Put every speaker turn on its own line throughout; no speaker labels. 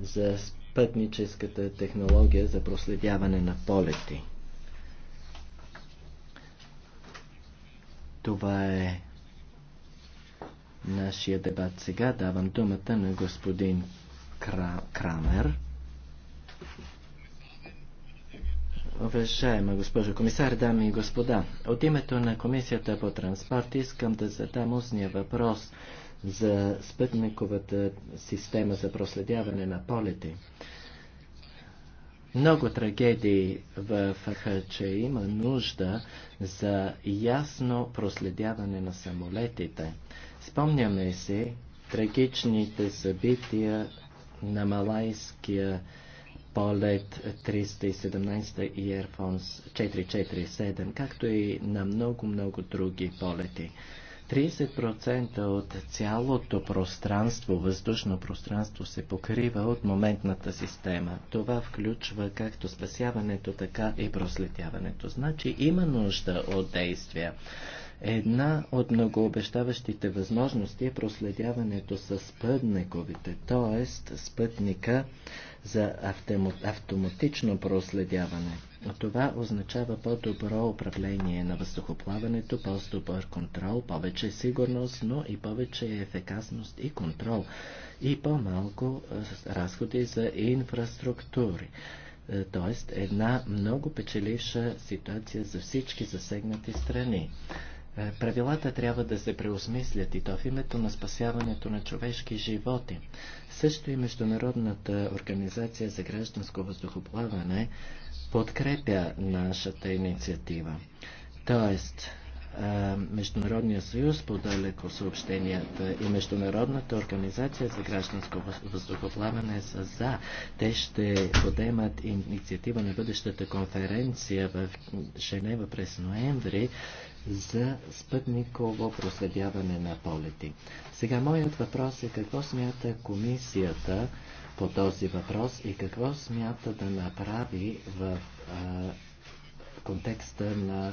за пътническата технология за проследяване на полети. Това е нашия дебат сега. Давам думата на господин Кра... Крамер. Уважаема госпожо комисар, дами и господа, от името на Комисията по транспорт искам да задам устния въпрос за спътниковата система за проследяване на полети. Много трагедии в че има нужда за ясно проследяване на самолетите. Спомняме се трагичните събития на малайския полет 317 и Air 447, както и на много-много други полети. 30% от цялото пространство, въздушно пространство се покрива от моментната система. Това включва както спасяването, така и проследяването. Значи има нужда от действия. Една от многообещаващите възможности е проследяването с пътниковите, т.е. спътника за автоматично проследяване. Това означава по-добро управление на въздухоплаването, по-добър контрол, повече сигурност, но и повече ефекасност и контрол и по-малко е, разходи за инфраструктури. Е, тоест една много печеливша ситуация за всички засегнати страни. Е, правилата трябва да се преосмислят и то в името на спасяването на човешки животи. Също и Международната организация за гражданско въздухоплаване подкрепя нашата инициатива. Тоест, е, Международния съюз по далеко съобщенията и Международната организация за гражданско въздухоплаване са за. Те ще подемат инициатива на бъдещата конференция в Женева през ноември за спътниково проследяване на полети. Сега моят въпрос е какво смята комисията по този въпрос и какво смята да направи в а, контекста на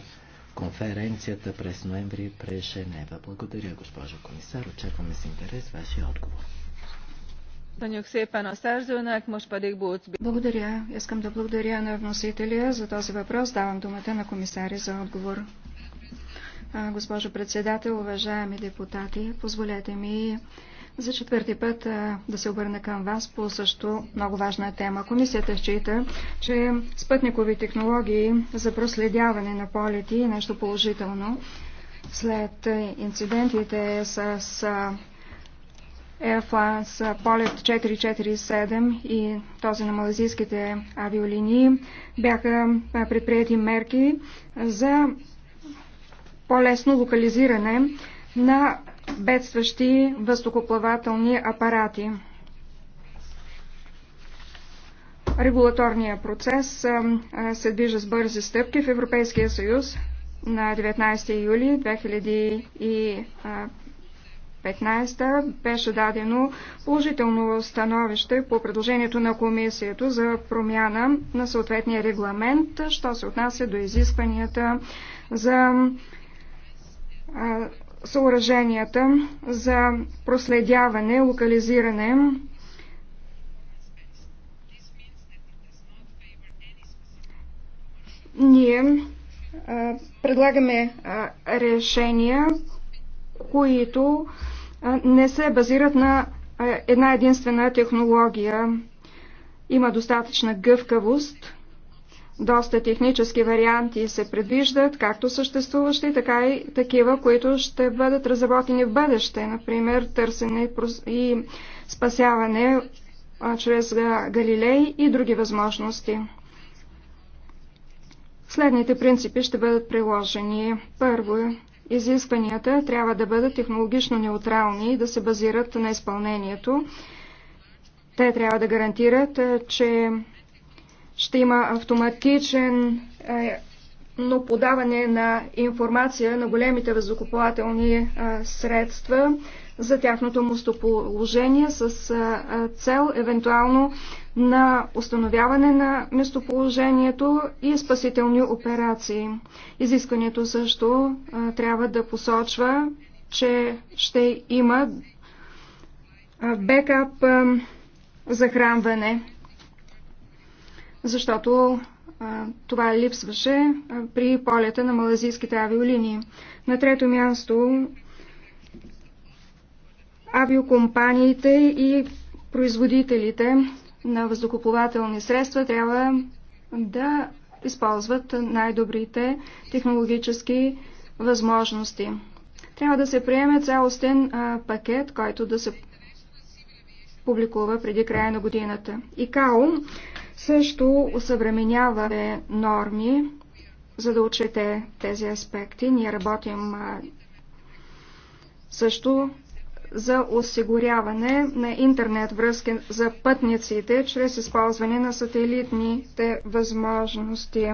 конференцията през ноември през Женева. Благодаря, госпожо комисар. Очакваме с интерес вашия отговор.
Благодаря. Искам да благодаря на вносителя за този въпрос. Давам думата на комисаря за отговор госпожо председател, уважаеми депутати. Позволете ми за четвърти път да се обърна към вас по също много важна тема. Комисията счита, че спътникови технологии за проследяване на полети е нещо положително. След инцидентите с Air France полет 447 и този на малазийските авиолинии бяха предприяти мерки за по-лесно локализиране на бедстващи въздухоплавателни апарати. Регулаторният процес се движа с бързи стъпки в Европейския съюз на 19 юли 2015 беше дадено положително становище по предложението на комисията за промяна на съответния регламент, що се отнася до изискванията за съоръженията за проследяване, локализиране. Ние предлагаме решения, които не се базират на една единствена технология. Има достатъчна гъвкавост доста технически варианти се предвиждат, както съществуващи, така и такива, които ще бъдат разработени в бъдеще. Например, търсене и спасяване чрез Галилей и други възможности. Следните принципи ще бъдат приложени. Първо, изискванията трябва да бъдат технологично неутрални и да се базират на изпълнението. Те трябва да гарантират, че ще има автоматичен е, но подаване на информация на големите въздухоплавателни е, средства за тяхното местоположение с е, цел евентуално на установяване на местоположението и спасителни операции. Изискването също трябва да посочва, че ще има бекап захранване защото това липсваше при полета на малазийските авиолинии. На трето място авиокомпаниите и производителите на въздухоплавателни средства трябва да използват най-добрите технологически възможности. Трябва да се приеме цялостен пакет, който да се публикува преди края на годината. ИКАО също усъвременява норми, за да отчете тези аспекти. Ние работим също за осигуряване на интернет връзки за пътниците чрез използване на сателитните възможности.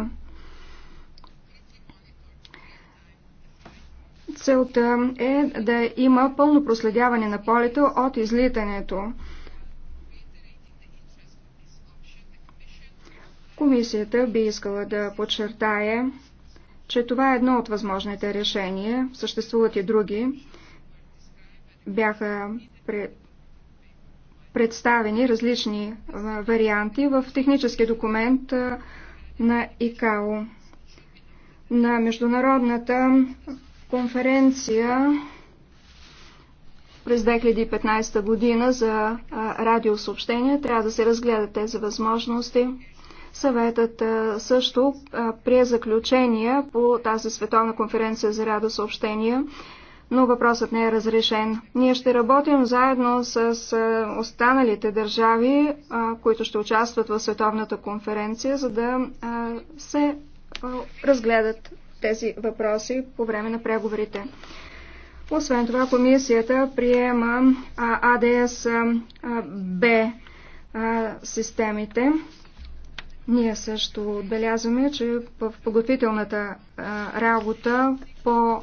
Целта е да има пълно проследяване на полето от излитането. Комисията би искала да подчертае, че това е едно от възможните решения, съществуват и други. Бяха пред... представени различни варианти в технически документ на ИКАО. На Международната конференция през 2015 година за радиосъобщения трябва да се разгледат тези възможности. Съветът също прие заключения по тази световна конференция за съобщения, но въпросът не е разрешен. Ние ще работим заедно с останалите държави, които ще участват в световната конференция, за да се разгледат тези въпроси по време на преговорите. Освен това, комисията приема АДС Б системите ние също отбелязваме, че в подготвителната работа по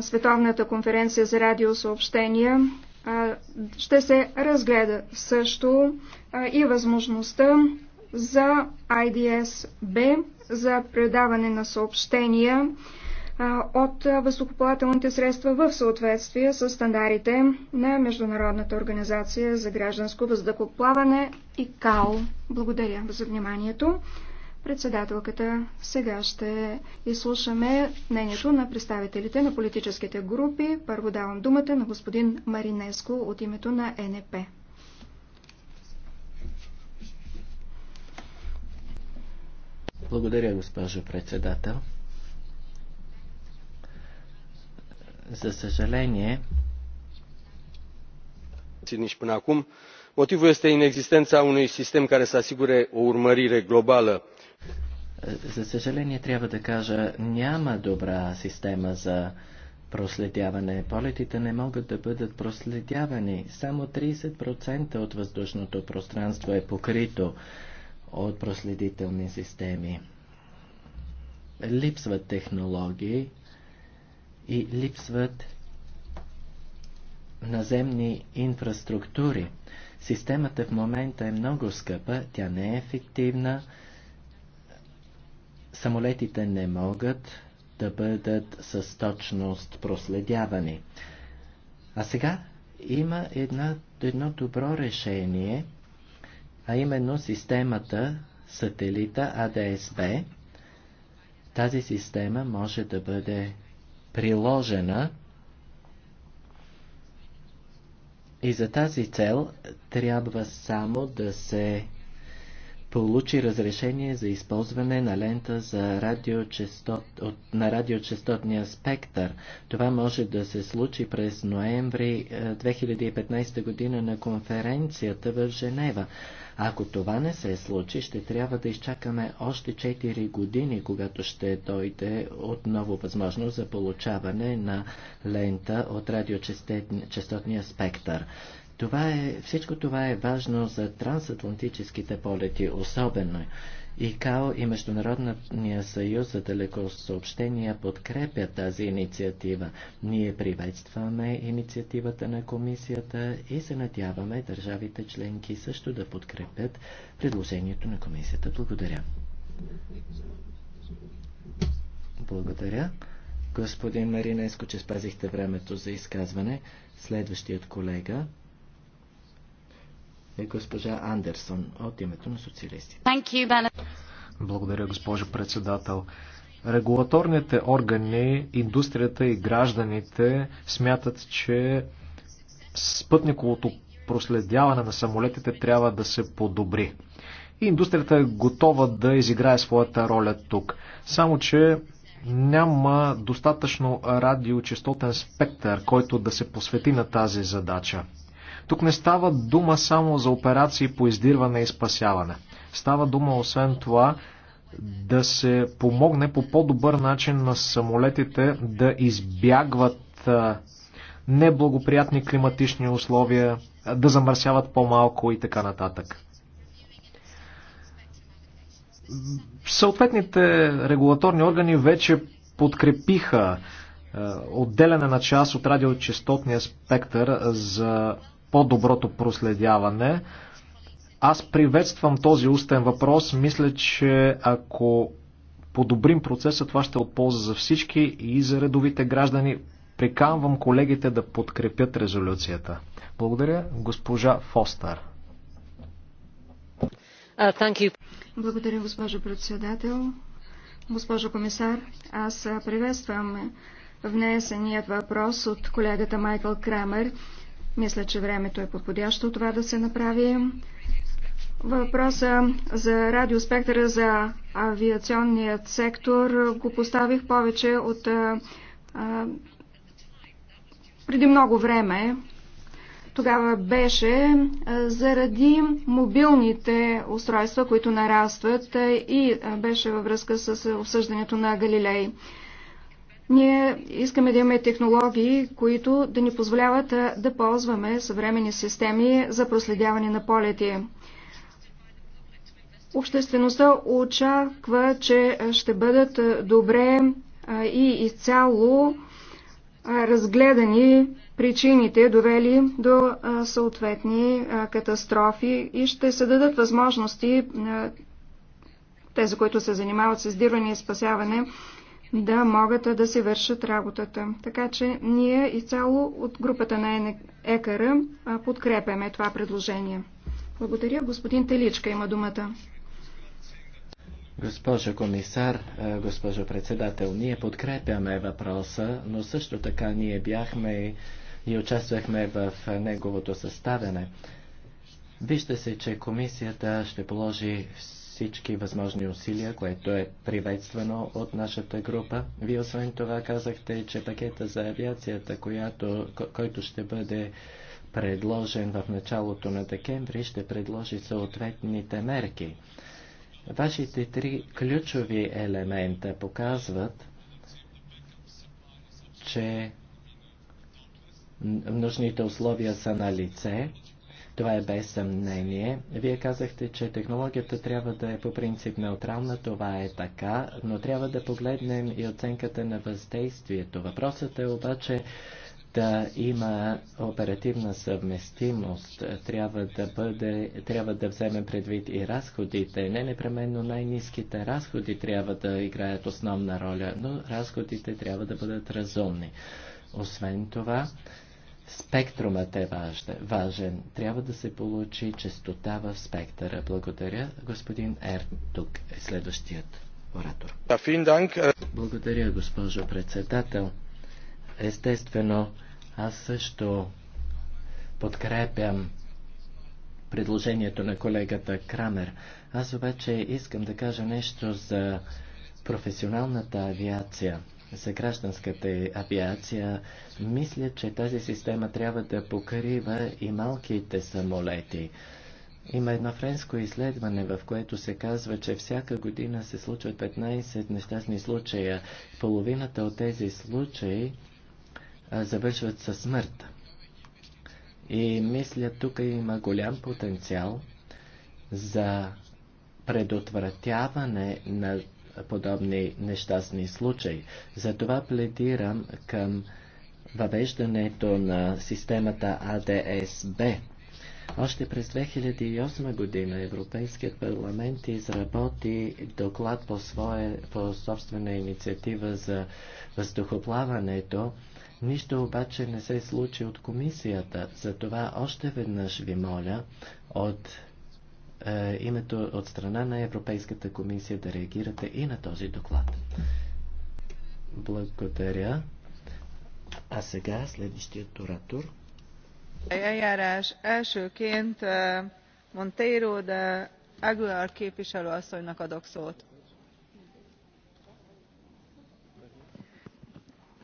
Световната конференция за радиосъобщения ще се разгледа също и възможността за IDS-B за предаване на съобщения от въздухоплавателните средства в съответствие с стандартите на Международната организация за гражданско въздухоплаване и КАО. Благодаря за вниманието. Председателката сега ще изслушаме мнението на представителите на политическите групи. Първо давам думата на господин Маринеско от името на НП.
Благодаря, госпожо председател. За съжаление,
nici până acum. Motivul este inexistența unui sistem care să asigure o urmărire globală.
За съжаление, трябва да кажа, няма добра система за проследяване. Полетите не могат да бъдат проследявани. Само 30% от въздушното пространство е покрито от проследителни системи. Липсват технологии, и липсват наземни инфраструктури. Системата в момента е много скъпа, тя не е ефективна, самолетите не могат да бъдат с точност проследявани. А сега има една, едно добро решение, а именно системата сателита АДСБ. Тази система може да бъде приложена и за тази цел трябва само да се получи разрешение за използване на лента за радиочастот, от, на радиочастотния спектър. Това може да се случи през ноември 2015 е, година на конференцията в Женева. Ако това не се случи, ще трябва да изчакаме още 4 години, когато ще дойде отново възможност за получаване на лента от радиочастотния спектър. Това е, всичко това е важно за трансатлантическите полети, особено. ИКАО и Международния съюз за далекосъобщения подкрепят тази инициатива. Ние приветстваме инициативата на комисията и се надяваме държавите членки също да подкрепят предложението на комисията. Благодаря. Благодаря. Господин Маринеско, че спазихте времето за изказване. Следващият колега е госпожа
Андерсон от името на социалистите. Благодаря, госпожо председател. Регулаторните органи, индустрията и гражданите смятат, че спътниковото проследяване на самолетите трябва да се подобри. И индустрията е готова да изиграе своята роля тук. Само, че няма достатъчно радиочастотен спектър, който да се посвети на тази задача. Тук не става дума само за операции по издирване и спасяване. Става дума освен това да се помогне по по-добър начин на самолетите да избягват неблагоприятни климатични условия, да замърсяват по-малко и така нататък. Съответните регулаторни органи вече подкрепиха отделяне на част от радиочастотния спектър за по-доброто проследяване. Аз приветствам този устен въпрос. Мисля, че ако подобрим процеса, това ще е от полза за всички и за редовите граждани. Приканвам колегите да подкрепят резолюцията. Благодаря, госпожа Фостер.
Uh, Благодаря, госпожо председател. Госпожо комисар, аз приветствам внесеният въпрос от колегата Майкъл Крамер мисля, че времето е подходящо това да се направи. Въпроса за радиоспектъра за авиационният сектор го поставих повече от а, а, преди много време. Тогава беше а, заради мобилните устройства, които нарастват а, и а, беше във връзка с обсъждането на Галилей. Ние искаме да имаме технологии, които да ни позволяват да ползваме съвремени системи за проследяване на полети. Обществеността очаква, че ще бъдат добре и изцяло разгледани причините, довели до съответни катастрофи и ще се дадат възможности тези, които се занимават с издирване и спасяване, да могат да се вършат работата. Така че ние изцяло от групата на ЕКР е подкрепяме това предложение. Благодаря. Господин Теличка има думата.
Госпожо комисар, госпожо председател, ние подкрепяме въпроса, но също така ние бяхме и участвахме в неговото съставяне. Вижте се, че комисията ще положи всички възможни усилия, което е приветствано от нашата група. Вие освен това казахте, че пакета за авиацията, която, който ще бъде предложен в началото на декември, ще предложи съответните мерки. Вашите три ключови елемента показват, че нужните условия са на лице това е без съмнение. Вие казахте, че технологията трябва да е по принцип неутрална. Това е така, но трябва да погледнем и оценката на въздействието. Въпросът е обаче да има оперативна съвместимост, трябва да, бъде, трябва да вземе предвид и разходите. Не непременно най-низките разходи трябва да играят основна роля, но разходите трябва да бъдат разумни. Освен това, Спектрумът е важен. Трябва да се получи частота в спектъра. Благодаря. Господин Ертук е следващият оратор. Благодаря, госпожо председател. Естествено, аз също подкрепям предложението на колегата Крамер. Аз обаче искам да кажа нещо за професионалната авиация за гражданската авиация, мисля, че тази система трябва да покрива и малките самолети. Има едно френско изследване, в което се казва, че всяка година се случват 15 нещастни случая. Половината от тези случаи а, завършват със смърт. И мисля, тук има голям потенциал за предотвратяване на подобни нещастни случаи. Затова пледирам към въвеждането на системата АДСБ. Още през 2008 година Европейският парламент изработи доклад по, своя, по собствена инициатива за въздухоплаването. Нищо обаче не се случи от комисията. Затова още веднъж ви моля от е, името от страна на Европейската комисия да реагирате и на този доклад. Благодаря. А сега следващият оратор.
Eljárás elsőként е, képviselő asszonynak adok szót.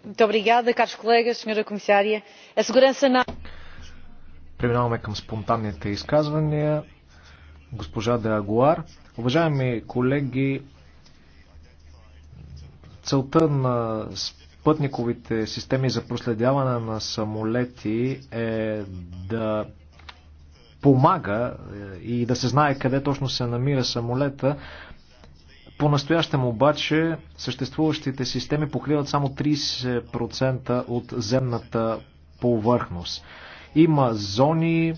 Muito obrigada, caros colegas, senhora comissária. A segurança na...
Преминаваме към спонтанните изказвания госпожа Де Агуар. Уважаеми колеги, целта на пътниковите системи за проследяване на самолети е да помага е, и да се знае къде точно се намира самолета. По-настоящем обаче съществуващите системи покриват само 30% от земната повърхност. Има зони,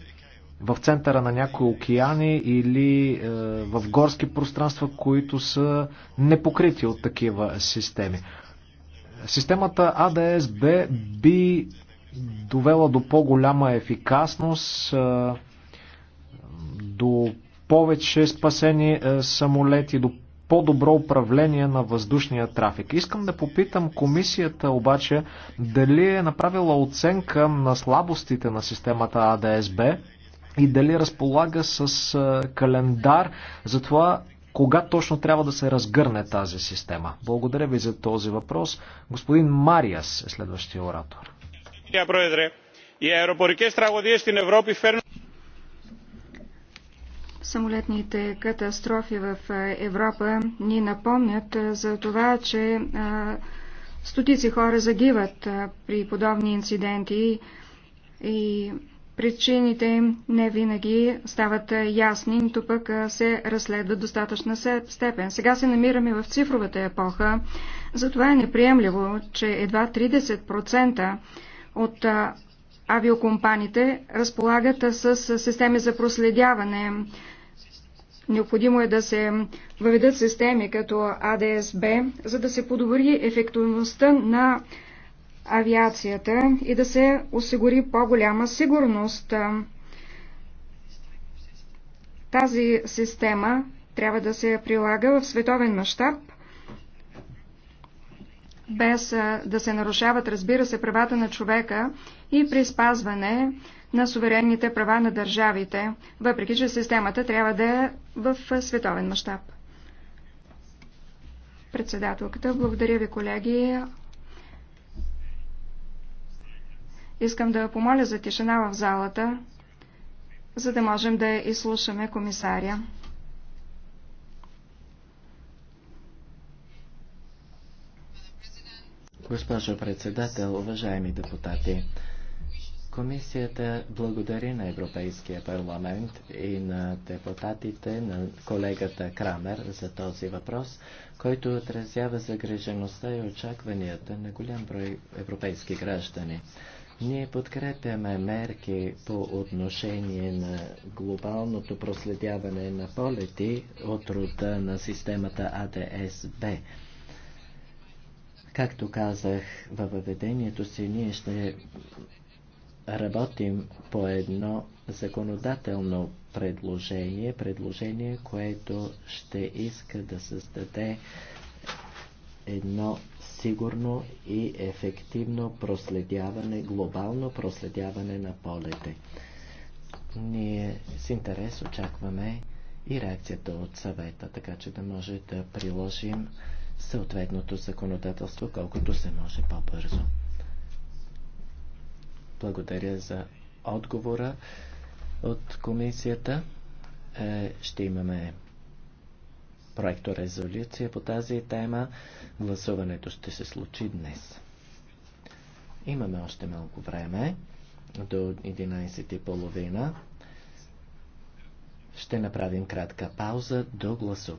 в центъра на някои океани или е, в горски пространства, които са непокрити от такива системи. Системата АДСБ би довела до по-голяма ефикасност, е, до повече спасени е, самолети, до по-добро управление на въздушния трафик. Искам да попитам комисията обаче дали е направила оценка на слабостите на системата АДСБ и дали разполага с календар за това кога точно трябва да се разгърне тази система. Благодаря ви за този въпрос. Господин Мариас е следващия оратор.
Самолетните катастрофи в Европа ни напомнят за това, че стотици хора загиват при подобни инциденти и Причините им не винаги стават ясни, нито пък се разследват достатъчна степен. Сега се намираме в цифровата епоха, затова е неприемливо, че едва 30% от авиокомпаниите разполагат с системи за проследяване. Необходимо е да се въведат системи като АДСБ, за да се подобри ефективността на авиацията и да се осигури по-голяма сигурност. Тази система трябва да се прилага в световен мащаб, без да се нарушават, разбира се, правата на човека и при спазване на суверенните права на държавите, въпреки че системата трябва да е в световен мащаб. Председателката, благодаря ви, колеги. Искам да помоля за тишина в залата, за да можем да изслушаме комисаря.
Госпожо председател, уважаеми депутати, Комисията благодари на Европейския парламент и на депутатите, на колегата Крамер за този въпрос, който отразява загрежеността и очакванията на голям брой европейски граждани. Ние подкрепяме мерки по отношение на глобалното проследяване на полети от рода на системата АДСБ. Както казах във въведението си, ние ще работим по едно законодателно предложение, предложение, което ще иска да създаде едно сигурно и ефективно проследяване, глобално проследяване на полете. Ние с интерес очакваме и реакцията от съвета, така че да може да приложим съответното законодателство колкото се може по-бързо. Благодаря за отговора от комисията. Е, ще имаме проекторезолюция по тази тема. Гласуването ще се случи днес. Имаме още малко време до 11.30. Ще направим кратка пауза до гласуване.